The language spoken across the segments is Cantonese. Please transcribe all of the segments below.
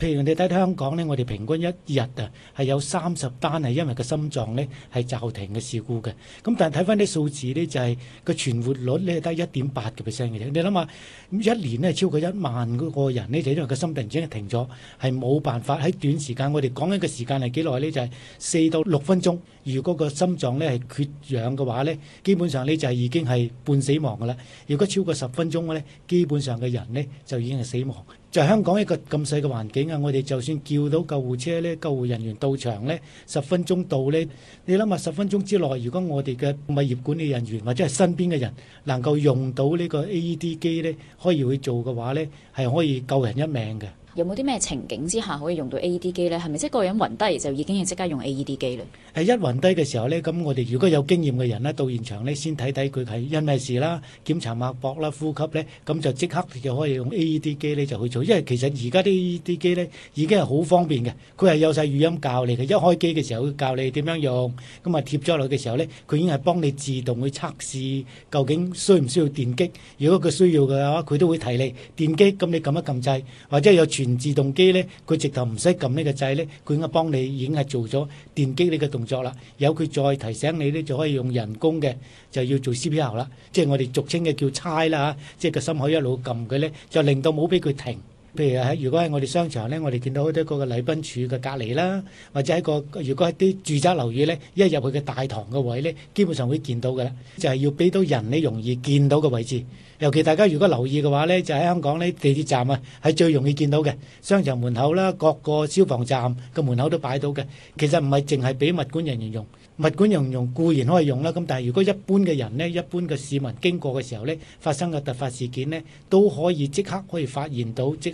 譬如你睇香港咧，我哋平均一日啊係有三十單係因為個心臟咧係驟停嘅事故嘅。咁但係睇翻啲數字咧，就係個存活率咧得一點八嘅 percent 嘅。啫，你諗下，咁一年咧超過一萬嗰個人咧，就因為個心突然之間停咗，係冇辦法喺短時間。我哋講緊嘅時間係幾耐咧？就係、是、四到六分鐘。如果個心臟咧係缺氧嘅話咧，基本上呢就係已經係半死亡噶啦。如果超過十分鐘咧，基本上嘅人呢就已經係死亡。就香港一個咁細嘅環境啊，我哋就算叫到救護車咧，救護人員到場咧，十分鐘到咧，你諗下十分鐘之內，如果我哋嘅物業管理人員或者係身邊嘅人能夠用到呢個 AED 機咧，可以去做嘅話咧，係可以救人一命嘅。有冇啲咩情景之下可以用到 AED 機咧？係咪即係個人暈低就已經要即刻用 AED 機咧？係一暈低嘅時候咧，咁我哋如果有經驗嘅人咧，到現場咧先睇睇佢係因咩事啦，檢查脈搏啦、呼吸咧，咁就即刻就可以用 AED 機咧就去做。因為其實而家啲 AED 機咧已經係好方便嘅，佢係有晒語音教你嘅。一開機嘅時候會教你點樣用，咁啊貼咗落去嘅時候咧，佢已經係幫你自動去測試究竟需唔需要電擊，如果佢需要嘅話，佢都會提你電擊，咁你撳一撳掣，或者有。全自動機咧，佢直頭唔使撳呢個掣咧，佢應該幫你已經係做咗電擊呢個動作啦，有佢再提醒你咧，就可以用人工嘅就要做 CPR 啦，即係我哋俗稱嘅叫差啦嚇，即係個心口一路撳佢咧，就令到冇俾佢停。譬如喺如果喺我哋商場呢，我哋見到好多個禮賓處嘅隔離啦，或者喺個如果喺啲住宅樓宇呢，一入去嘅大堂嘅位呢，基本上會見到嘅，就係要俾到人呢容易見到嘅位置。尤其大家如果留意嘅話呢，就喺香港呢，地鐵站啊，係最容易見到嘅商場門口啦，各個消防站嘅門口都擺到嘅。其實唔係淨係俾物管人員用，物管人員用固然可以用啦，咁但係如果一般嘅人呢，一般嘅市民經過嘅時候呢，發生嘅突發事件呢，都可以即刻可以發現到即。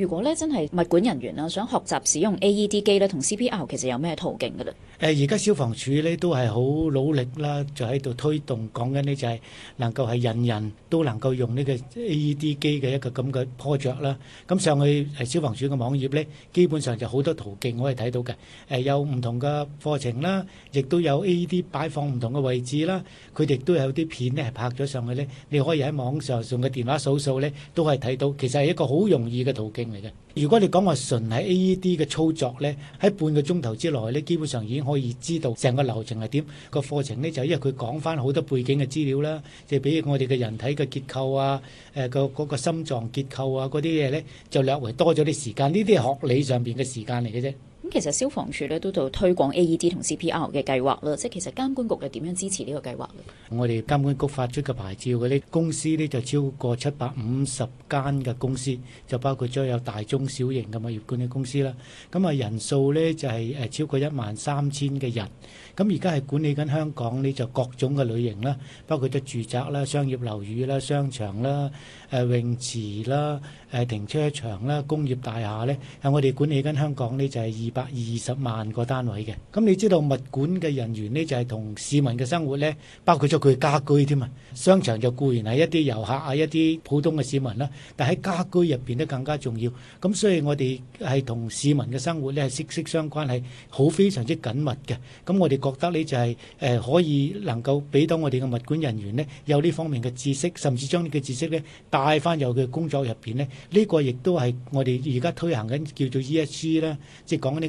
如果咧真係物管人員啊，想學習使用 AED 機咧同 CPR，其實有咩途徑㗎喇？誒，而家消防處咧都係好努力啦，就喺度推動，講緊呢，就係能夠係人人都能夠用呢個 AED 機嘅一個咁嘅 project 啦。咁上去消防處嘅網頁咧，基本上就好多途徑可以睇到嘅。誒，有唔同嘅課程啦，亦都有 AED 擺放唔同嘅位置啦，佢亦都有啲片咧係拍咗上去咧，你可以喺網上用嘅電話搜搜咧，都係睇到，其實係一個好容易嘅途徑。嚟嘅，如果你講話純係 AED 嘅操作咧，喺半個鐘頭之內咧，基本上已經可以知道成個流程係點。個課程咧就係因為佢講翻好多背景嘅資料啦，即係比如我哋嘅人體嘅結、呃、結構啊，誒個嗰個心臟結構啊嗰啲嘢咧，就略為多咗啲時間。呢啲係學理上邊嘅時間嚟嘅啫。其實消防處咧都做推廣 AED 同 CPR 嘅計劃啦，即係其實監管局又點樣支持呢個計劃？我哋監管局發出嘅牌照嗰啲公司呢就超過七百五十間嘅公司，就包括咗有大中小型嘅物業管理公司啦。咁啊，人數呢就係誒超過一萬三千嘅人。咁而家係管理緊香港呢就各種嘅類型啦，包括咗住宅啦、商業樓宇啦、商場啦、誒泳池啦、誒停車場啦、工業大廈咧，喺我哋管理緊香港呢就係二百二十萬個單位嘅，咁你知道物管嘅人員呢，就係、是、同市民嘅生活呢，包括咗佢家居添啊。商場就固然係一啲遊客啊，一啲普通嘅市民啦。但喺家居入邊呢更加重要，咁所以我哋係同市民嘅生活呢，係息息相關，係好非常之緊密嘅。咁我哋覺得呢就係、是、誒、呃、可以能夠俾到我哋嘅物管人員呢，有呢方面嘅知識，甚至將呢個知識呢帶翻有佢工作入邊呢。呢、這個亦都係我哋而家推行緊叫做 E S G 啦，即係講呢。